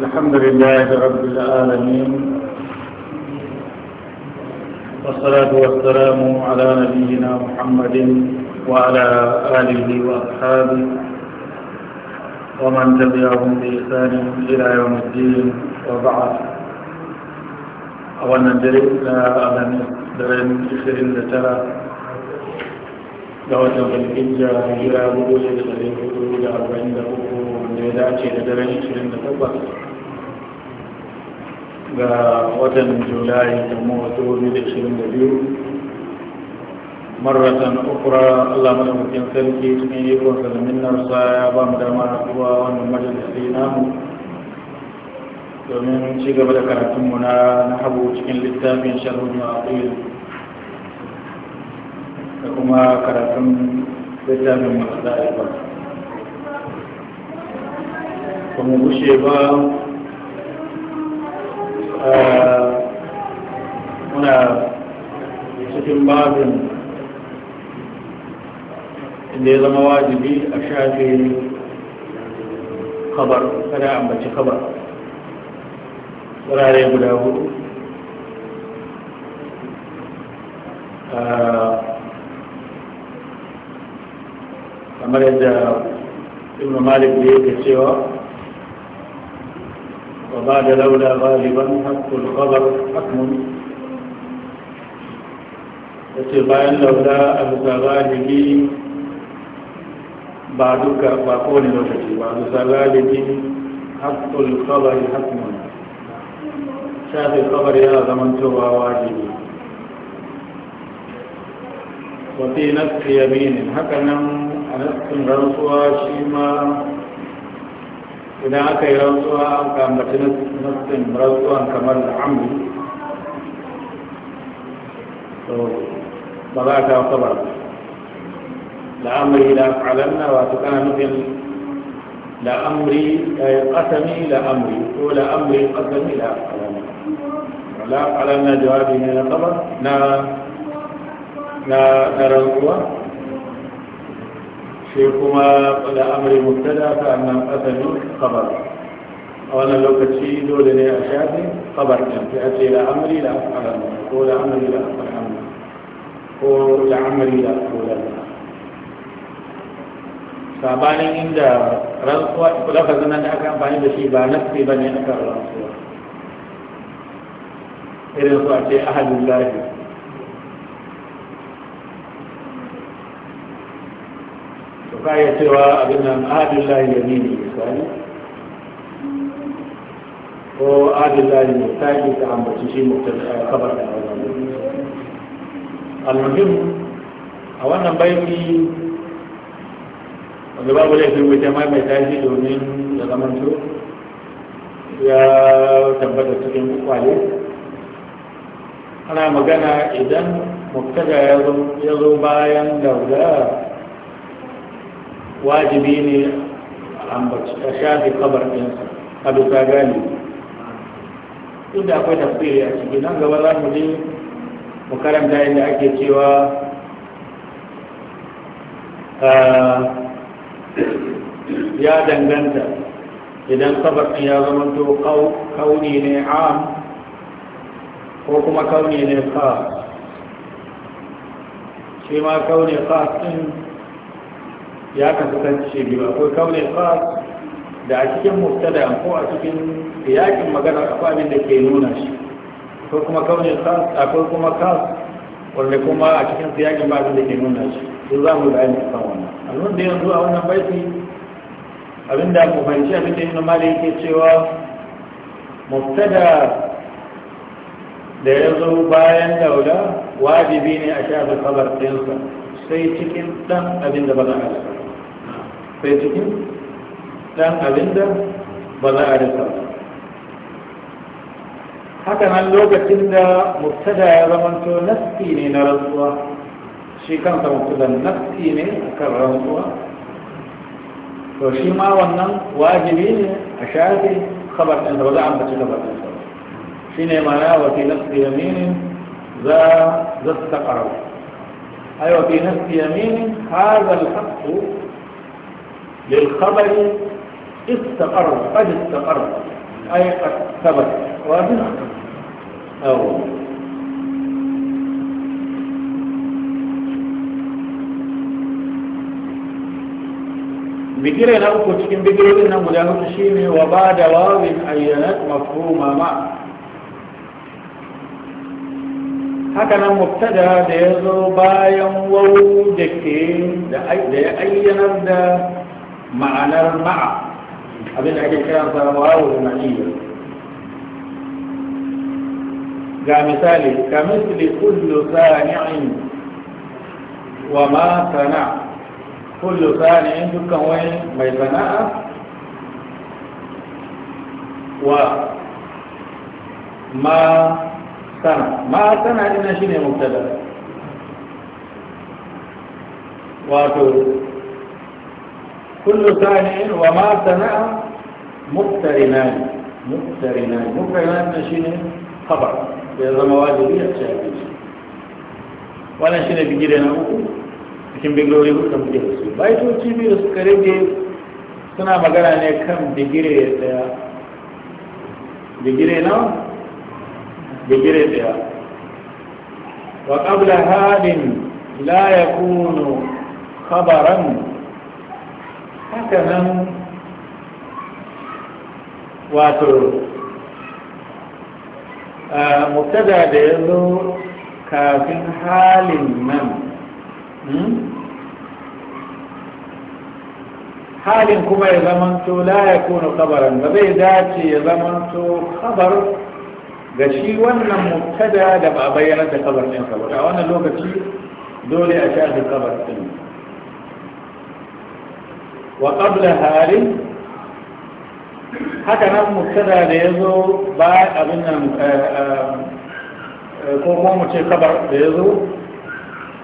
الحمد لله رب العالمين والصلاة والسلام على نبينا محمد وعلى آله وأصحابه ومن تبعهم بإحسان إلى يوم الدين وبعد أولا درسنا على درين إخرين لترى دعوة تبقى الإجابة إلى بدو يدخل الحدود أربعين دقيقة da ya dace da daren 28 ga watan julai da mawa da 22 maratan ukura allah madamakin sarki cikin ikon salamin narsa ya ba mu dama kuwa wannan majalisi namu domin ci gaba da karatunmu na habu cikin littafin sharhun ma'aqil da kuma karatun littafin masu da'ibar kuma gushe ba muna cikin babin inda ya zama wajibi a shafe kabar kada ambaci kabar wurare guda hudu kamar yadda ibn malik da yake cewa وبعد لولا غالبا حق الخبر حكم اتباعا لولا ابدا غالبي بعدك باقول لوجتي بعد غالبي حق الخبر حكم شاهد الخبر يا زمن توبا واجبي وفي نفس يمين هكذا نفس رسوى شيما هناك أتى يروتها كان بجنس نفس مروتها كمال عمي فضعت وصبر لأمري لا أفعلن وتكون مثل لأمري أي قسمي لأمري هو لأمري قسمي لا أفعلن لا أفعلن جوابي من الخبر لا لا لا القوة shi kuma da amri mubtada ka annan asalin khabar a wannan lokaci dole ne a shafi khabar din sai a ce da amri da afalan ko da amri da afalan ko da amri da afalan sabanin inda rantsuwa lafazin nan da aka amfani da shi ba nasi bane akan rantsuwa irin su a ce ahadun lahi ka cewa abin nan ahadin layi ya nini misali ko ahadin layi ne ta yi ta ambaci shi mutum eh, kabar da al-muhim a wannan bayani wanda babu laifin wuce mai mai tashi domin da zamanto ya tabbata cikin kwale. ana magana idan muktada ya zo bayan daula wajibi ne a shafi kabar ɗinsa a bisa gani inda akwai tafsiri a ciki nan gaba za mu je mu karanta yadda ake cewa ah, ya danganta idan kabar ɗin ya zama to kauni ne am ko kuma kauni ne ka shi ma kauni ka ɗin ya kasance biyu akwai kaunin khas da a cikin mubtada ko a cikin yakin magana akwai abin da ke nuna shi akwai kuma kaunin khas akwai kuma khas wanda kuma a cikin yakin magana da ke nuna shi su za mu bayani a kan wannan A da yanzu a wannan baiti abin da mu fahimci abin da yana mali yake cewa mubtada da ya zo bayan daula wajibi ne a shafi kabar ɗinsa sai cikin ɗan abin da ba za a sai cikin ɗan abin da ba za a rika haka nan lokacin da mutada ya zamanto nassi ne na rantsuwa shi kansa mubtadan nassi ne kan rantsuwa to shi ma wannan wajibi ne a shafi khabar ɗin da ba za a ambaci khabar ɗin shi ne ma ya wafi nassi yaminin za za su taƙarau ai wafi nassi yaminin hazal haƙƙu للخبر استقر قد استقر أي قد ثبت واضح أو bigire na uku cikin bigirorin nan guda hudu shine wa ba da wawin ayyanat mafhuma ma haka nan mubtada da ya zo bayan wawu da ke da ya ayyanar da ma'anar ma'a abin da ake kira sa wawo ma'iyya ga misali ka misali kullu sani'in wa ma sana kullu sani'in dukkan wani mai sana'a wa ma sana ma sana shi ne mubtada wato كل ثاني وما ثناء مقترنان مقترنان مقترنان شنو خبر إذا ما واجبية شاكل wannan shine bigire na uku cikin bigirori uku kan bigire su baitoci biyu suka rage suna magana ne kan bigire daya bigire na bigire daya wa qabla hadin la yakunu haka nan wato muktada da ya zo kafin halin nan hmm? halin kuma ya zamanto la ya kuna kabaran ba zai dace ya zamanto kabar ga shi wannan muktada da ba a bayyana da kabar ba a wannan lokaci dole a sha da kabar ɗin wa qabla halin haka nan muktada da ya zo ba abin nan eh, eh, eh, ko kuma mu ce kabar da ya zo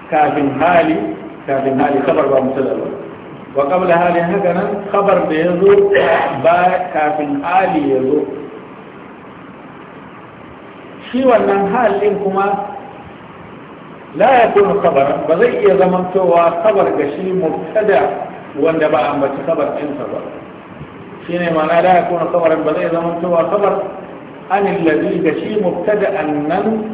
kafin hali kafin hali kabar ba muktada ba wa qabla hali haka nan kabar da ya zo ba kafin hali ya zo shi wannan halin kuma la yakunu khabara ba zai iya zamantowa kabar ga shi muktada wanda ba ambaci kabar ɗinsa ba shi ne ma'ana da ya kuna kabarin ba zai zama cewa kabar an illazi da shi mubtada annan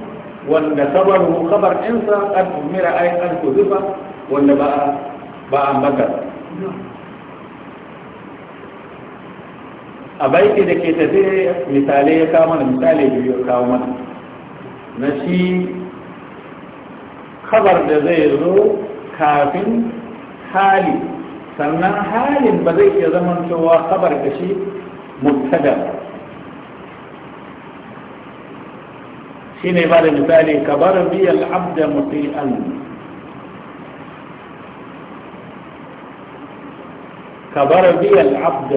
wanda kabaru kabar ɗinsa an umira ai an kuzufa wanda ba ba ambata a baiti da ke tafi misalai ya kawo mana misali biyu ya kawo mana na shi kabar da zai zo kafin hali سنا حال بدي يا زمن شو خبر كشي مبتدا حين بعد مثال كبر بي العبد مطيئا كبر بي العبد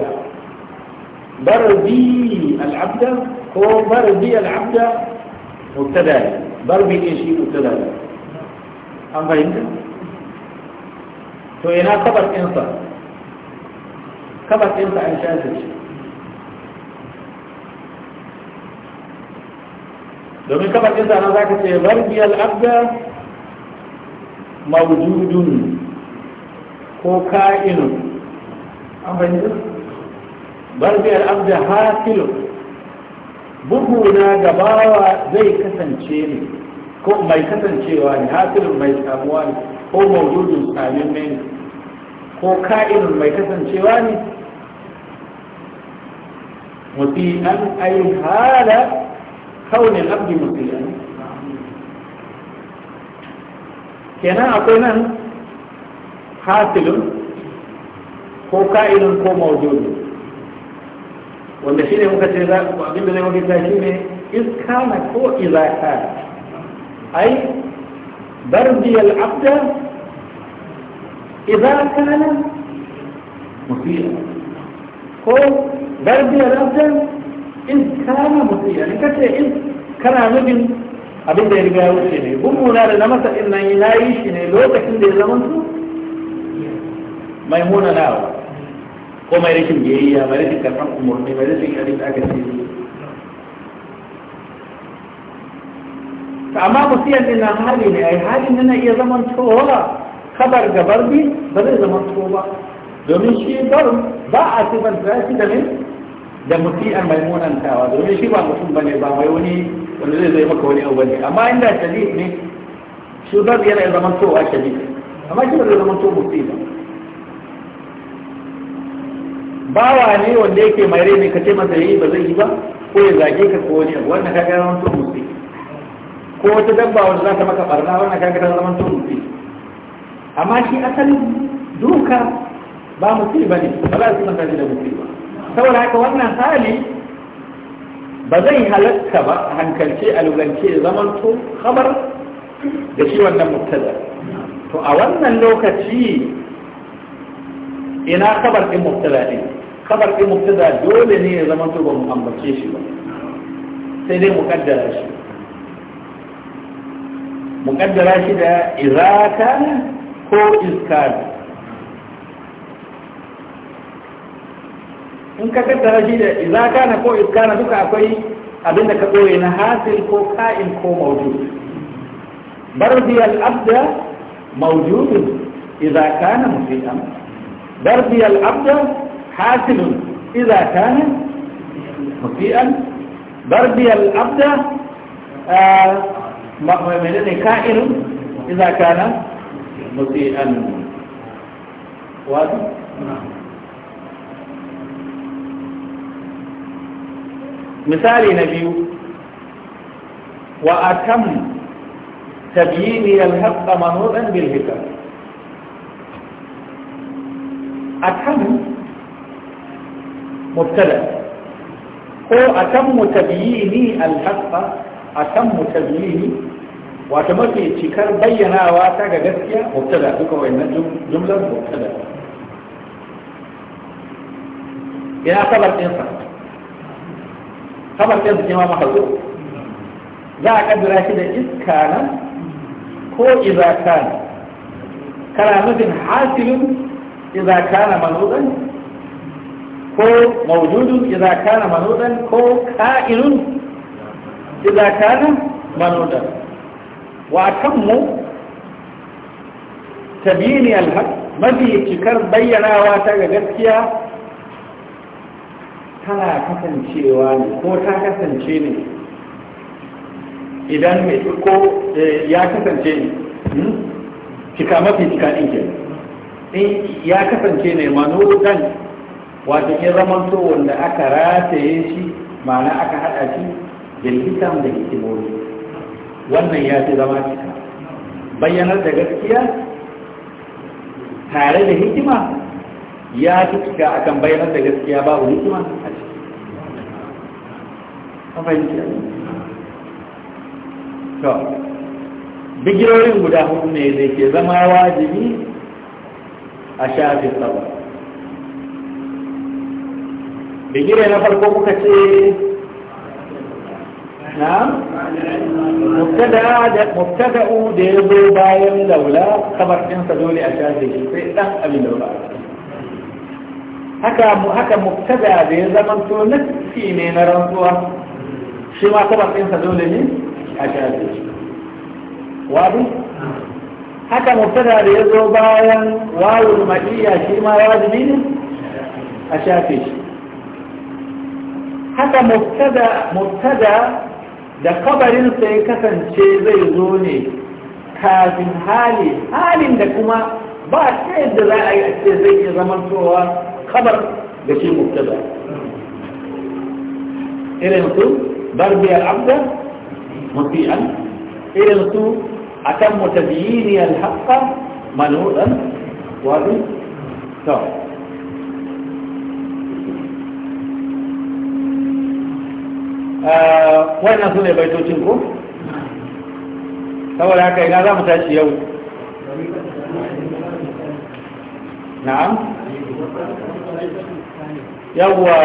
بر بي العبد هو بر بي العبد مبتدا بر بي ايش مبتدا ام فهمت؟ to ina kabas ɗinsa kabas ɗinsa an shafe shi domin kabas ɗinsa nan za ka ce barbiyal abga maududun ko ka'inun an fahimta Barbiyar abda hasilun bugu na gabawa zai kasance ne ko mai kasancewa ne hasilin mai samuwa ne ko maududin samin ne ko ka'in mai kasancewa ne an ayi hala kaunin abdi musi'an kenan akwai nan hasilun ko ka'ilun ko maududin wanda shi ne muka ce da zai muka shi ne iska na ko iza ai برزي العبد إذا كان مسيئا قل برزي العبد إذ كان مسيئا لكذا إذ كان نبن abin da ya riga ya wuce ne mummuna na masa ɗin nan ya yi shi ne lokacin da ya zama su mai muna nawa ko mai rashin biyayya mai rashin karfan umarni mai rashin yadda aka ce amma su din na hali ne ai halin yana iya zaman towa kabar da barbi ba zai zama to ba domin shi barin ba a sifanta shi da ne da musiyan mai munantawa domin shi ba mutum ne ba mai wani wani zai zai maka wani abu ne amma inda shadid ne shi bar yana iya zaman towa shadid amma shi ba zai zaman to ba bawa ne wanda yake mai rai ne ka ce masa yi eh, ba zai yi ba ko ya zage ka ko wani abu wannan ka ga zaman to musiyan ko wata dabba wanda za ta maka barna wannan kaga ta zama turufi amma shi asalin duka ba mutu ba ne ba za su san manta da mutu ba saboda haka wannan hali ba zai halatta ba hankalce a lulance zaman to khabar da shi wannan mubtada to a wannan lokaci ina khabar din mubtada ne khabar din mubtada dole ne ya zama to ba mu ambace shi ba sai dai mu kaddara shi muƙaddara shi da izaka ko iskar in ka kaddara shi da izaka na ko iskana duka akwai abinda ka ɓoye na hasil ko ka'in ko mawjud barbi al'abda mawjudun idza kana musian barbi al'abda hasilun idza kana musian barbi abda... mai ne ka'irin iza kana musi'an wato misali na biyu wa atam tabyini al-haqq manudan bil hikam atam mubtada ko atam tabyini al-haqq atam tabyini wata mafi cikar bayyanawa ta ga gaskiya mubtada duka wannan jumlar mubtada ina kabar ɗinsa Sabar ɗinsa ne ma mahazo za a kaddara shi da iska nan ko iza kana kana nufin hasilin iza kana manuzan ko maujudun iza kana manuzan ko ka'irun iza kana manuzan وأتم تبيين الحق mafi cikar bayyanawa ta ga gaskiya tana kasancewa ne ko ta kasance ne idan mai ko ya kasance ne cika mafi cika ɗin in ya kasance ne manodan wato in zamanto wanda aka rataye shi ma'ana aka haɗa shi da hitam da hikimomi wannan ya fi zama cika bayyanar da gaskiya tare da hikima ya fi cika akan bayyanar da gaskiya babu hikima a cikin fahimci to bigirorin guda hudu ne da ke zama wajibi a shafin saba bigire na farko kuka ce na mubtada'u da ya zo bayan laula kamar ɗinsa dole a shafe shi sai ɗan abin laula haka haka mubtada da ya zama to nassi ne na rantsuwa shi ma kamar ɗinsa dole ne a shafe shi wadu haka mubtada da ya zo bayan wawul ma'iyya shi ma wajibi ne a shafe shi haka mubtada da kabarinsa ya kasance zai zo ne kafin hali halin da kuma ba ta yadda za a yi a ce zai iya towa kabar da shi muktada irin su barbiyar abda mafi'an irin su a kan mutabiyiniyar haƙa manuɗan wadu tawa. wannan su ne baitocin ko saboda haka ina za mu tashi yau na'am yawwa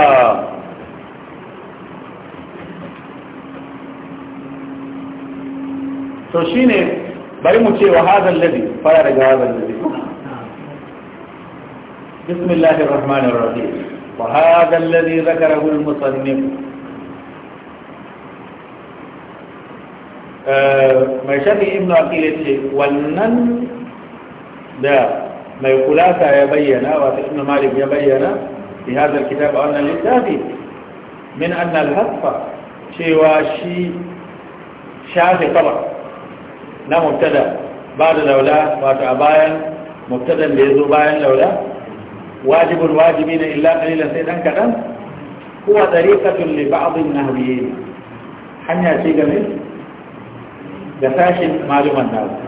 to shine bari mu ce wa hadal ladhi fara daga hadal ladhi بسم الله الرحمن الرحيم وهذا الذي ذكره المصنف آه، ما يشافي ابن أكيل والنن دا ما يقولاتا يبينا وابن مالك يبينا في هذا الكتاب أن الإنسابي من أن الهدف شواشي شافي طبع لا مبتدى بعد الأولى وقت أبايا مبتدى بيزو بايا الأولى واجب الواجبين إلا قليلا سيدا كذا هو طريقة لبعض النهبيين حنيا شيء جميل da sashin maluman nasu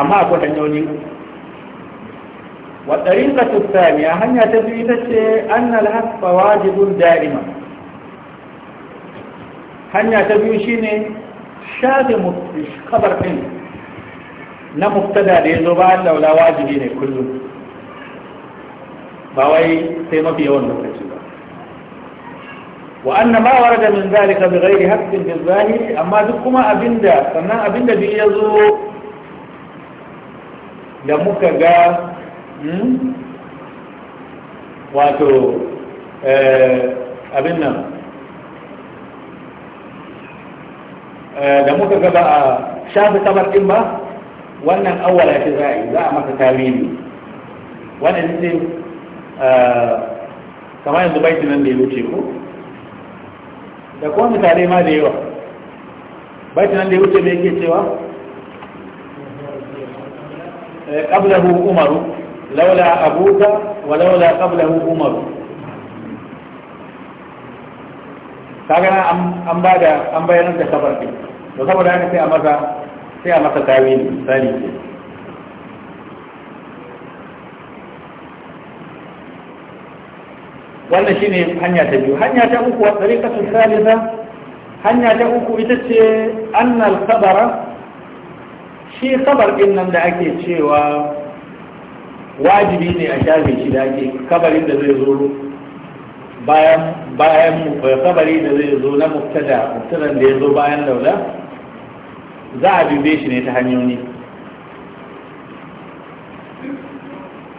amma akwai hanyoyi والطريقة الثانية هنيا تثبيت أن الحق واجب دائما هنيا تبيشيني شاد خبر إن na mubtada da ya zo ba Allah la wajibi ne kullum ba wai sai mafi yawan lokaci وأن ما ورد من ذلك بغير حق في الظاهر أما دكما أبندا فما أبندا بيزو دمك جا واتو أبنا دمك جا بقى شاف تبر إما وأن أول اعتزائي لا ما تتابيني وأنا نسي كمان دبيت من بيوتي da kuma misalai ma da yawa ba shi nan da ya wuce mai ke cewa eh, qablahu umaru laula abuka wa laula qablahu umaru ta an ba da an bayanar da sabar da saboda haka sai a masa sai a wannan shine hanya ta biyu hanya ta uku wa tariqatu thalitha hanya ta uku ita ce annal khabara shi kabar din nan da ake cewa wajibi ne a shafe shi da ake kabarin da zai zo bayan bayan kabari da zai zo na muftada muftadan da ya zo bayan laula za a bibe shi ne ta hanyoyi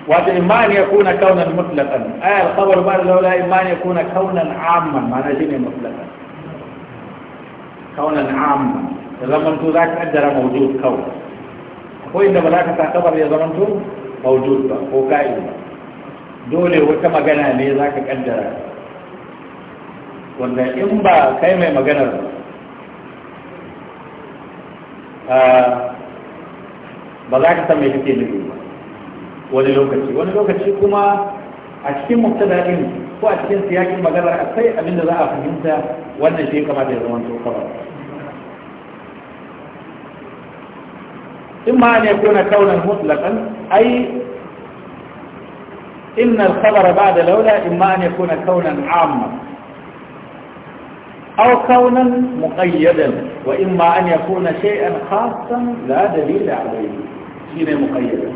وإيمان يكون كونا مطلقا آية الخبر بعد الأولى إيمان يكون كونا عاما معنى جيني مطلقا كونا عاما يظمن تو ذاك أجر موجود كون هو إن بلاك تعتبر يظمن تو موجود بقى هو كائن دولي هو كما قلنا لي ذاك أجر وإن إمبا كيما ما قلنا آه بلاك تمي كتير نجوم wani lokaci wani lokaci kuma a cikin muktadalin ko a cikin siyakin magana a sai abinda za a fahimta wanda shi kamata ya zama tsofawa in ma ne kuna kaunar mutlakan ai إن الخبر بعد لولا إما أن يكون كونا عاما أو كونا مقيدا وإما أن يكون شيئا خاصا لا دليل عليه شيء مقيدا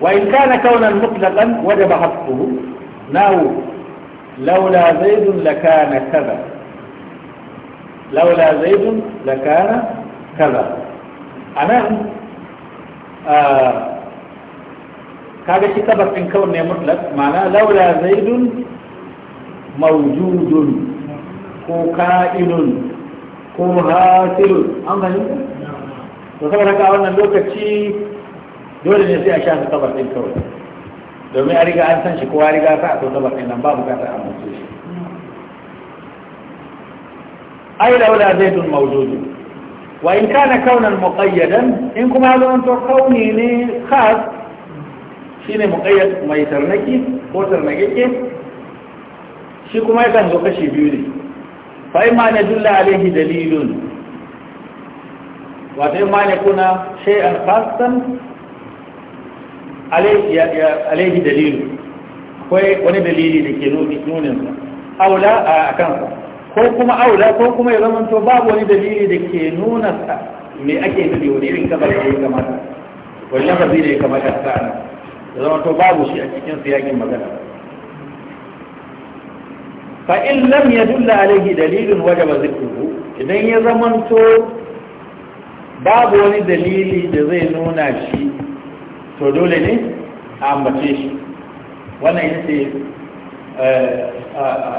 وإن كان كونا مطلقا وجب حفظه ناو لولا زيد لكان كذا لولا زيد لكان كذا أنا كذا آه، كتابة من كونه مطلق معنى لولا زيد موجود كائن كو هاتل أم هل؟ نعم. وصبرك أولا لوكا تشيك dole ne sai a shafi kabar ɗin kawai domin a riga an san shi kowa riga sa a so kabar ɗin nan ba bukatar a mutu shi ai zai zaitun mawjudu wa in kana kaunan muqayyadan in kuma ya zama to kauni ne khas shine muqayyad mai tarnaki ko tarnakeke shi kuma yakan zo kashi biyu ne fa imma nadulla alaihi dalilun wa ta imma kuna shay'an khasan alaihi dalilu akwai wani dalili da ke nuninsa aula a kansa ko kuma aula ko kuma ya zama to babu wani dalili da ke nuna sa me ake nufi wani irin kabar da ya kamata wani lafazi da ya kamata a sa'ana ya zama to babu shi a cikin siyakin magana fa in lam yadulla alaihi dalilun wajaba zikruhu idan ya zama to babu wani dalili da zai nuna shi to dole ne a ambace shi wannan ita ce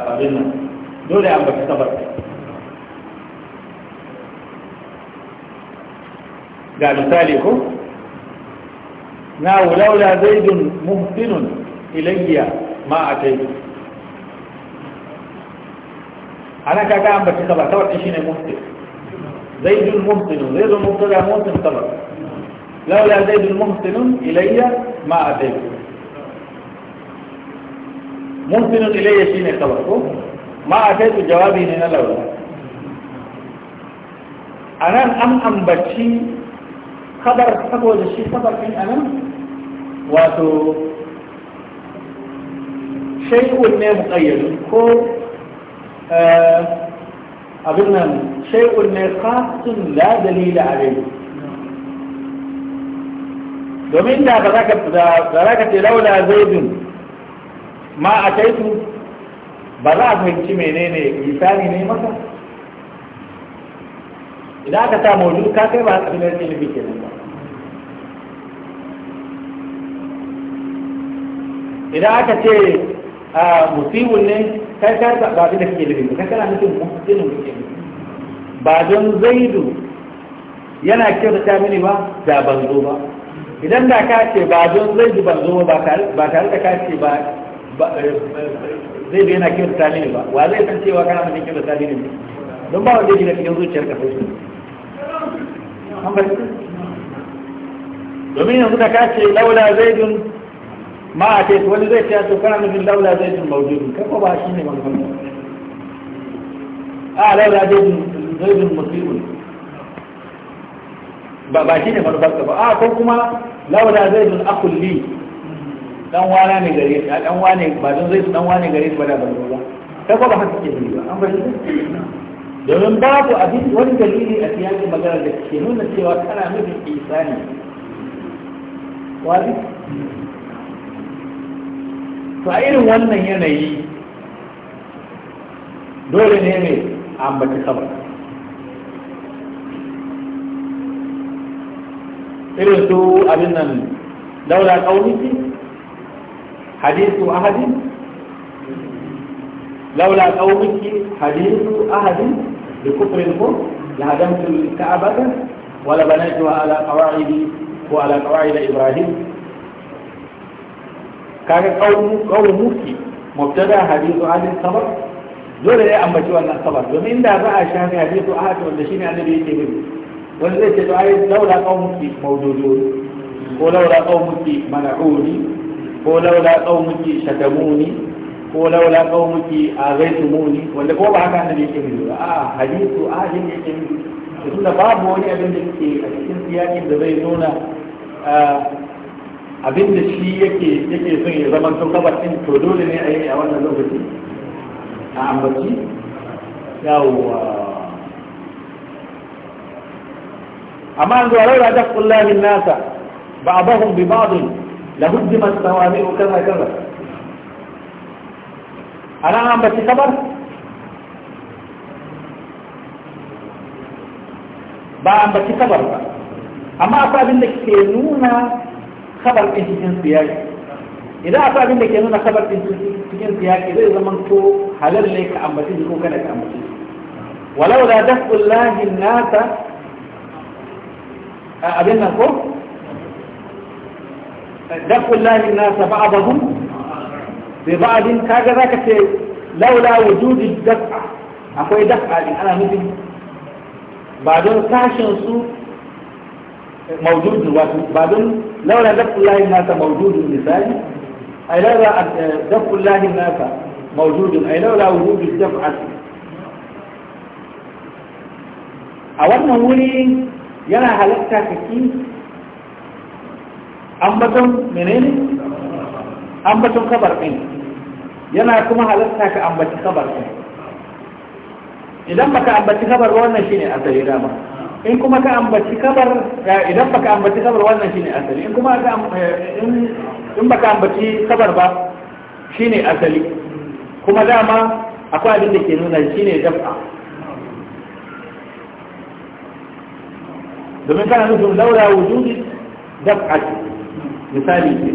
abin nan dole a ambace sabar ga misali ko na wulaula zaidun muhsinun ilayya ma a taidu ana kaga ambace sabar sabar shi ne muhsin zaidun muhsinun zaidun muhsin da muhsin sabar لولا زيد محسن إلي ما أتيت محسن إلي شيني خبركم ما أتيت جوابي هنا لولا أنا أم أم بشي خبر خبر شي خبر من أنا واتو شيء ما مقيد كو آه، أبنا شيء ما خاص لا دليل عليه domin da ba za ka ce laula zaidun ma a kai su, ba za a fahimci menene misali ne masa idan aka sa mawudu ka kai ba a cikin yake nufi ke ba idan aka ce musibin ne kai ka ba abin da kake ba kai kana nufin musibin ne nufi ba don zaidu yana kyau da ta mini ba da ban zo ba idan da ka ce ba don zai ji ban zo ba tare da ka ce ba eh, zai daina kirta ne ba wa zai san cewa kana da kirta ne ne don ba wanda yake da cikin zuciyar ka sai domin yanzu da ka ce laula zaidun ma a ce wani zai ce to kana nufin laula zaidun mawjudun kai ko ba shi ne manzon a laula zaidun zaidun muslimun ba ba shi ne manufarsa ba a ko kuma laula zai mun akulli dan wana ne gare shi dan wane ba don zai dan wane gare shi ba da banzo ba ta ko ba haka ke ba an bar shi domin babu abin wani dalili a siyasin magana da ke nuna cewa kana nufin ne. wani to a irin wannan yanayi dole ne ne ambata sabar irin su abin nan daula kauniki hadisu ahadin laula kauniki hadisu ahadin da kufrin ko la hadamtu ka'abata wala banatuha ala qawaidi ko ala qawaida ibrahim kaga kaunu kaunu muki mubtada hadisu ahadin sabar dole ya ambaci wannan sabar domin da za a shafi hadisu ahad wanda shine annabi yake bin ولذلك تعيد لولا قومك موجودون ولولا قومك منعوني ولولا قومك شتموني ولولا قومك آغيتموني ولذلك هو بحكا أنه يكمل آه حديث آه جن يكمل يقول باب وني أبن دكي أكيد سياكي بذيزونا آه أبن دكي يكي يكي يسوني زمان تنقبت إن تدولني أي أولا لغتي أعمبتي يا الله أما أنه لولا دفع الله الناس بعضهم ببعض لهدم التوامير كذا كذا أنا عم بس خبر با عم بس خبر أما أصاب إنك كنونا خبر إنسي جنسي إذا أصاب إنك كنونا خبر إنسي جنسي إذا إذا من كو حلر لك عم بس يكون كنك عم بس ولولا دفع الله الناس abin nan ko na ba a lahi nasa ba bi ba'din kaga zaka ce laula wujudi dak'a akwai dak'a din ana nufin ba don sashen su mawjudun wato ba don laula dakul lahi nasa mawjudun misali ai laula eh, dakul lahi nasa mawjudun ai laula wujudi dak'a a wannan wuri yana halatta ka ki ambaton menene ambaton kabar din yana kuma halatta ka ambaci kabar din, idan baka ambaci kabar wannan shine asali dama in kuma ka ambaci kabar eh, idan baka ambaci kabar wannan shine asali in kuma ka eh, in baka ambaci kabar ba shine asali kuma dama akwai abin da ke nuna shine dafa domin kana nufin laura wujudi daf'at misali ce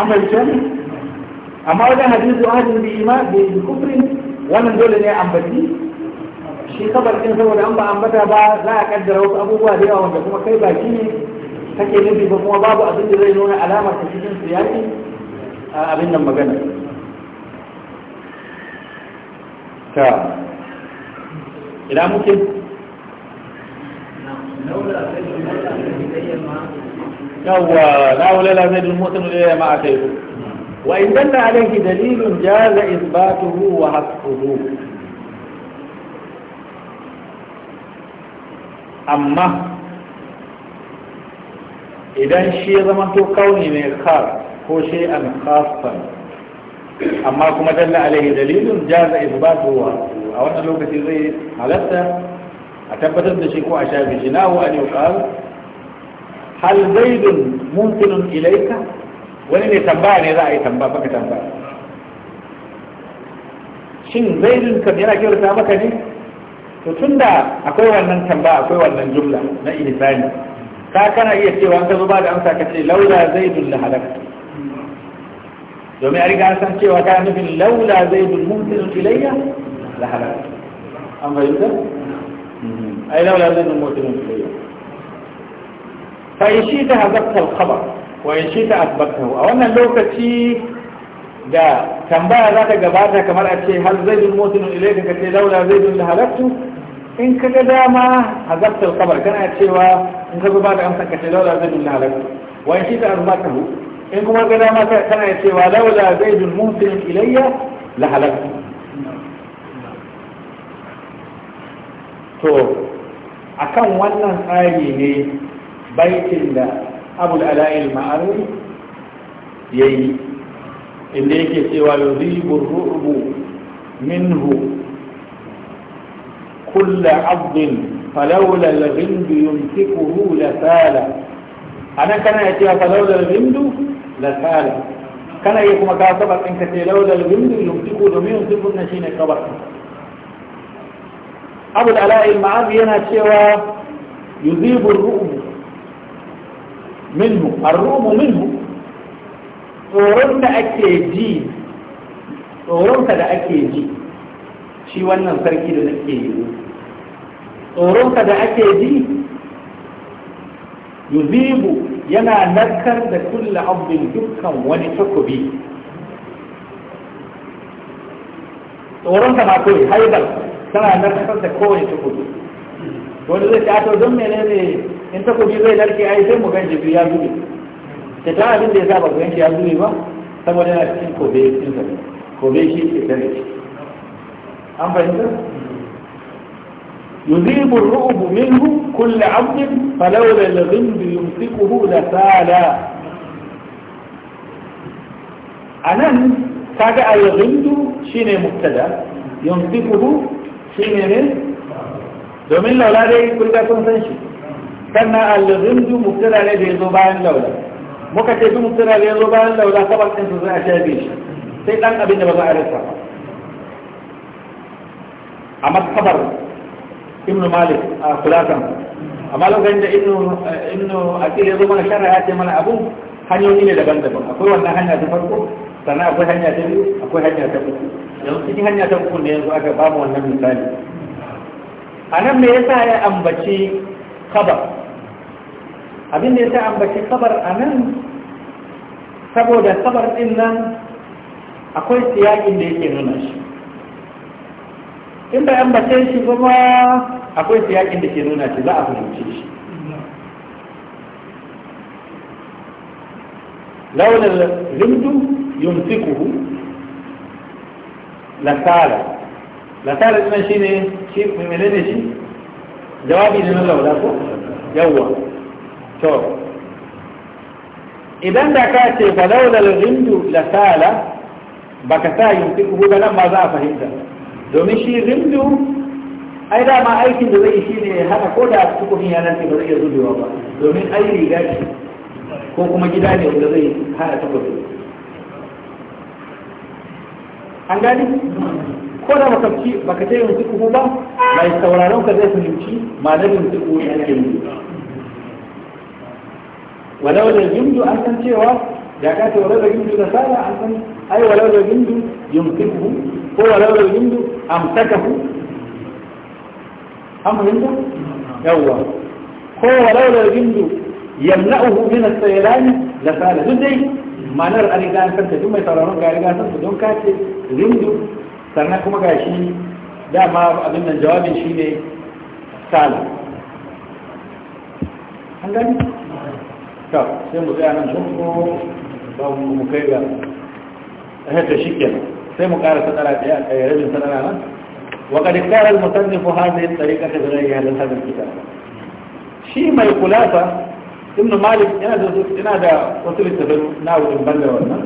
an fahimci wani amma wajen hadisu ahadin bi da bi kufrin wannan dole ne ambaci shi kabar ɗin saboda an ba ambata ba za a kaddara wasu abubuwa da yawa wanda kuma kai baki ne kake nufi ba kuma babu abin da zai nuna alamar ta cikin yaki a abin nan magana ina muke yawwa laula la zai dun mutum da ya ma'a kai wa in danna alayhi dalilun jaza isbatuhu wa hasbuhu amma idan shi ya zama to kauni mai khas ko shi an khasan amma kuma danna alayhi dalilun jaza isbatuhu wa hasbuhu a wannan lokaci zai halatta a tabbatar da shi ko a shafi shi nahu an yuqal hal zaidun mumkinun ilaika wani ne tambaya ne za a yi tambaya baka tambaya shin zaidun kan yana kyauta maka ne to tunda akwai wannan tambaya akwai wannan jumla na ihsani ka kana iya cewa an ka zo ba da amsa ka ce laula zaidun la halaka domin a riga an san cewa ka nufin laula zaidun mumkinun ilayya da halal an fahimta ai laula zai nemo ta mutu fa in shi ta hazarta alkhabar wa in shi ta asbartahu a wannan lokaci da tambaya za ta gabata kamar a ce hal zai bin motin ilaika ka ce laula zai bin da halattu in ka ga dama hazarta alkhabar kana cewa in ka ba da amsa ka ce laula zai bin da halattu wa in shi ta asbartahu in kuma ga dama kana cewa laula zai bin motin ilayya la halattu to akan wannan tsari ne baitin da abu al’ala’il ma’arri ya yi inda yake cewa yuzibu ru'ubu minhu kula abin falawular rindu yuntiku hu da tsara a nan kana ya cewa falawular rindu da tsara kana yi kuma kasa bakin ka ce laular rindu yuntiku domin yuntiku na shi ne kabar abu da ala'il ma'azi yana cewa yuzibu ru'umu minhu ar-ru'umu minhu tsoron da ake ji tsoronsa da ake ji shi wannan sarki da nake yi Tsoronka da ake ji yuzibu yana narkar da kulla abin dukkan wani takobi Tsoronka ma kawai haidar tana nan kusa kowane takobi wani zai ta don mene ne in ta takobi zai narke ai sai mu gan jibi ya zube ta ta abin da ya sa ba gan ya zube ba saboda yana cikin kobe cikin sa kobe shi ke tare an fahimta يذيب الرعب منه كل عبد فلولا الذنب يمسكه لسالا أنا كاجا الغند شين مبتدا يمسكه shi ne ne domin laula dai kun ga kun san shi sannan al-rimdu mubtada ne da yazo bayan laula muka ce duk mubtada da yazo bayan laula kabar din su za a shafe shi sai dan abin da ba za a rasa ba amma kabar ibnu malik a kulasan amma lokacin da ibnu ibnu akil yazo mana sharha ya ce mana abu hanyoyi ne daban-daban akwai wannan hanya ta farko sannan akwai hanya ta biyu akwai hanya ta uku yanzu cikin hanya ta uku ne yanzu aka ba mu wannan misali a nan me yasa ya ambaci kabar abin da yasa ambaci kabar a nan saboda kabar din nan akwai siyakin da yake nuna shi in bai ambace shi kuma akwai siyakin da ke nuna shi za a fahimci shi لولا الجند يمسكه لسالة لسالة من شيء شيء من منين شيء جوابي لنا لولا ko yawa to idan da ka ce fa laula al-ghindu baka sa yuntiku ga nan ba za fahimta domin shi ghindu ai da aikin da zai shi ne haka ko da tukufin yanar ce ba zai iya ba domin ai riga ko kuma gida ne wanda zai hana ta gudu an gani ko da makamci baka ce yanzu kuku ba mai sauraron ka zai fahimci malamin su koyi ake yi walau da yundu an san cewa da ka ce walau da yundu da sara an san ai walau da yundu yumsiku ko walau da yundu amsakahu an fahimta yawwa ko walau da yundu yamna'uhu min as-sayrani la sala duk dai ma'anar an riga an san duk mai sauraron ga riga san don ka ce rindu sannan kuma gashi dama abin nan jawabin shine sala an gani to sai mu tsaya nan ko ba mu kai ga haka eh, shikenan sai mu ƙara sadara ɗaya a rabin sadara nan وقد اختار المصنف هذه الطريقة في غير هذا الكتاب شيء ما يقول هذا ibn malik yana da yana da wasu littafin na wurin banda wannan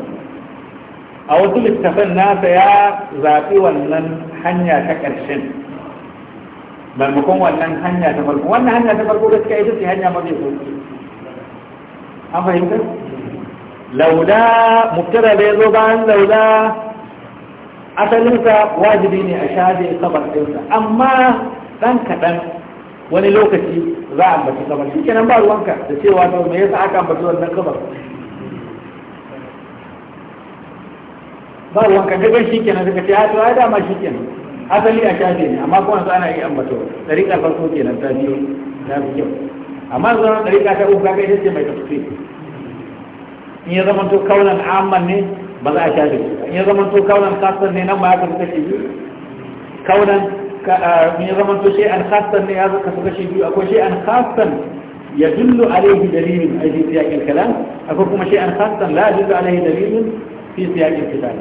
a wasu littafin nasa ya zaɓi wannan hanya ta ƙarshen maimakon wannan hanya ta farko wannan hanya ta farko gaskiya ita ce hanya mafi sauki an fahimta lauda muftara da ya zo bayan lauda asalinsa wajibi ne a shafe kabar ɗinsa amma ɗan kaɗan wani lokaci za a ambaci kamar shi kenan ba ruwanka da cewa ta me yasa aka ambaci wannan kamar ba ruwanka ka gan shi kenan daga ce hatu ah, ai dama shi kenan asali a shafe ne amma kuma yanzu ana yi ambato ɗariƙa farko kenan ta biyu ta fi kyau amma yanzu wannan dariƙa ta uku kaka ita ce mai tafi in ya zama to kaunan amman ne ba za a shafe in ya zama to kaunan kasan ne nan ba ya karɓi kashe biyu kaunan آه، من زمن أن خاصا ne ya zo kasu kashi biyu أن shay'an khassan يدل عليه دليل أي في سياق الكلام أقول لكم أن خاصا لا يدل عليه دليل في سياق الكتاب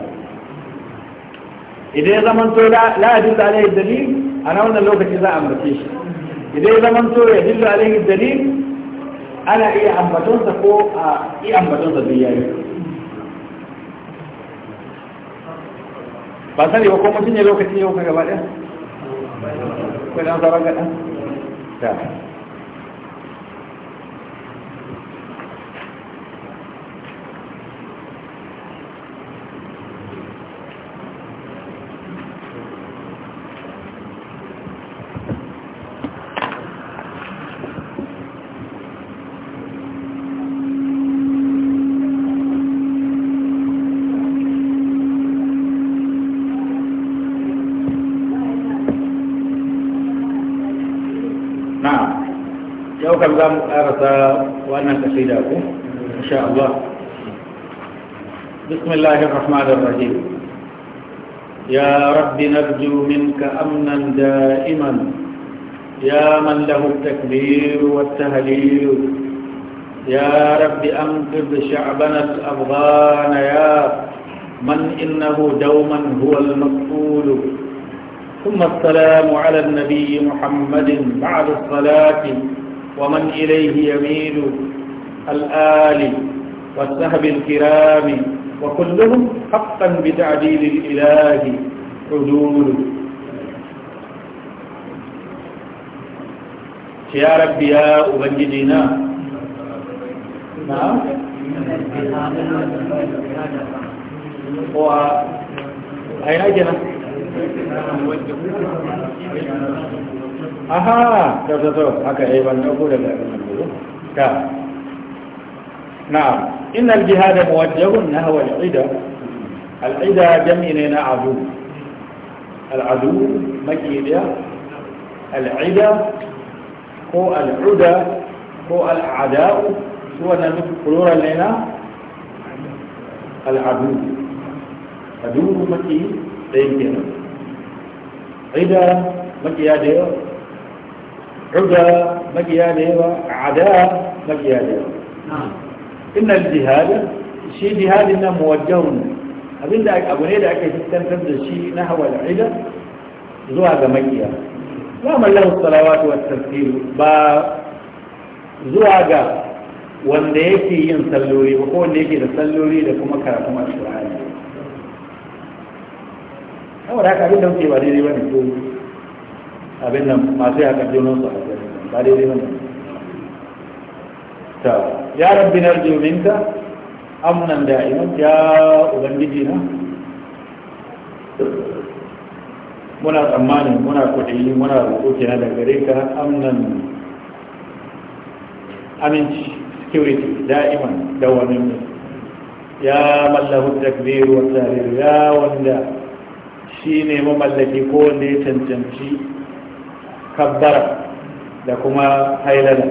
إذا زمنت لا, لا يدل عليه الدليل أنا قلنا لو كتزاء أمرتيش إذا زمنت يدل عليه الدليل أنا إيه أمبتون تقو إيه أمبتون تبيعي ba sani ba ko mutum ne lokacin yau ka gaba ɗaya Kudan zaba gaɗa? kan za mu وأنا تسيداكم إن شاء الله بسم الله الرحمن الرحيم يا رب نرجو منك أمنا دائما يا من له التكبير والتهليل يا رب أنقذ شعبنا الأفغان يا من إنه دوما هو المقبول ثم السلام على النبي محمد بعد الصلاة ومن إليه يميل الآل والسهب الكرام وكلهم حقا بتعديل الإله عدول يا رب يا أبنجدنا نعم هو أين أجنا aha da ta ta haka yi eh, ban dauko daga abin da ta na ina jihada muwajjahun nahwa al-ida al-ida jam'i ne na abu al-adu makiyya al-ida ko al-uda ko al-ada'u su wannan plural ne na al-adu adu maki da yake ida makiya da yawa عدا مجيا ليوا عداء مجيا ليوا إن الجهاد شيء جهاد إنه موجه abin da abu ne da ake fuskantar da shi na hawa al'ida zuwa ga makiya la mallahu salawatu wat tasbih ba zuwa ga wanda yake yin salloli ba ko wanda yake da salloli da kuma karatun alqur'ani saboda haka abin da muke ba daidai bane ko abin nan masu yaka junan su a jirgin ba daidai ba ta ya rabbi na minka amnan da ya ya ubangiji na muna tsammanin muna kudi muna roƙo kenan da gare ka amnan aminci security da'iman dawamin ya mallahu takbiru wa tsariru ya wanda shi ne mamallaki ko wanda ya cancanci kabbara da kuma hailala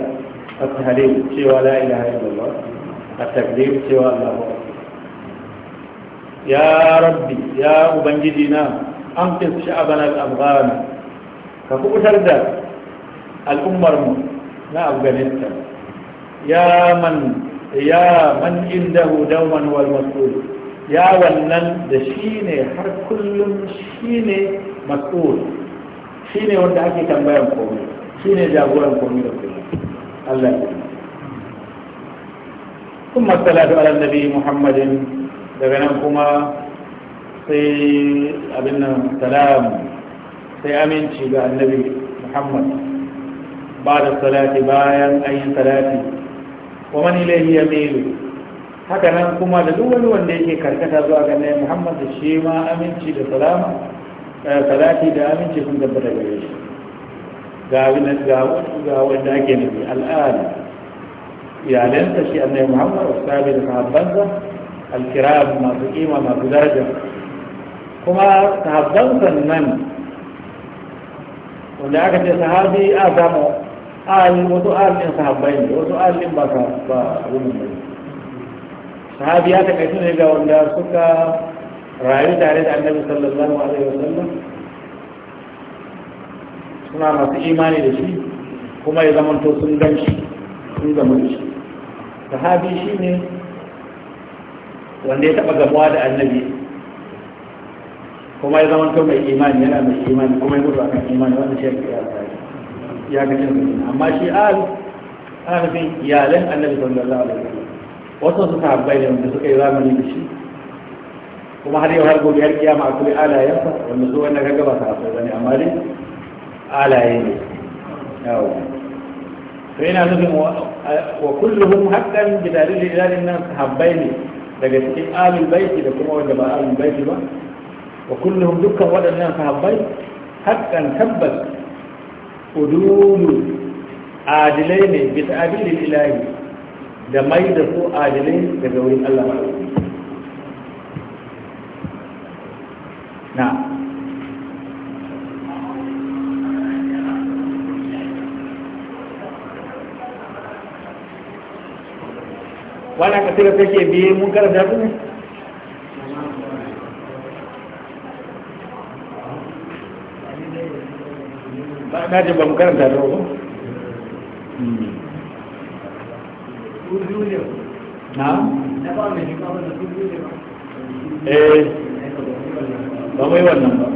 at-tahlil cewa la ilaha illallah a takbir cewa Allahu ya rabbi ya ubangiji na amkin sha'aban al-afghana ka kubutar da al'ummarmu mu na afghanistan ya man ya man indahu dawman wal mas'ul ya wannan da shine har kullum shine mas'ul shi ne wanda ake tambayan komai shi ne jagoran komai da komai Allah ya ثم الصلاة على nabi Muhammadin? daga nan kuma sai abin nan salam sai aminci ga annabi muhammad ba da salati bayan ayin salati wa man ilayhi yamilu haka nan kuma da duk wani wanda yake karkata zuwa ga nabi muhammad shi ma aminci da salama Eh, salati da aminci sun da gare shi ga da ake nufi al'ada iyalansa shi annabi muhammad wasu da sahabbansa alkiram masu kima masu daraja kuma sahabbansa nan wanda aka ce sahabi a samu alin wasu alin sahabbai ne wasu alin ba ba abin sahabi ya ta kai ne ga wanda suka rayu tare da annabi sallallahu alaihi wa sallam suna masu imani da shi kuma ya zamanto sun gan shi sun zama da shi sahabi shi ne wanda ya taɓa gamuwa da annabi kuma ya zamanto mai imani yana mai imani kuma ya gudu akan imani wanda shi ya fi ya ga cin amma shi al ana nufin iyalan annabi sallallahu alaihi wa sallam. wasu su sahabbai ne wanda suka yi zamani da shi kuma har yau har gobe har kiyama akwai alayen sa wanda su wannan kaga ba sa asali bane amma dai alaye ne yawo to yana nufin wa kulluhum haqqan bi dalili ilalin nan sahabbai ne daga cikin alul baiti da kuma wanda ba alul baiti ba wa kulluhum dukkan waɗannan sahabbai haqqan tabbas udulu adilai ne bi ta'abilil ilahi da mai da su adilai daga wurin Allah ma'aikata na wala ka tira take biye mun karanta su ne ba na ji ba mu karanta su ba na? ba wai wannan ba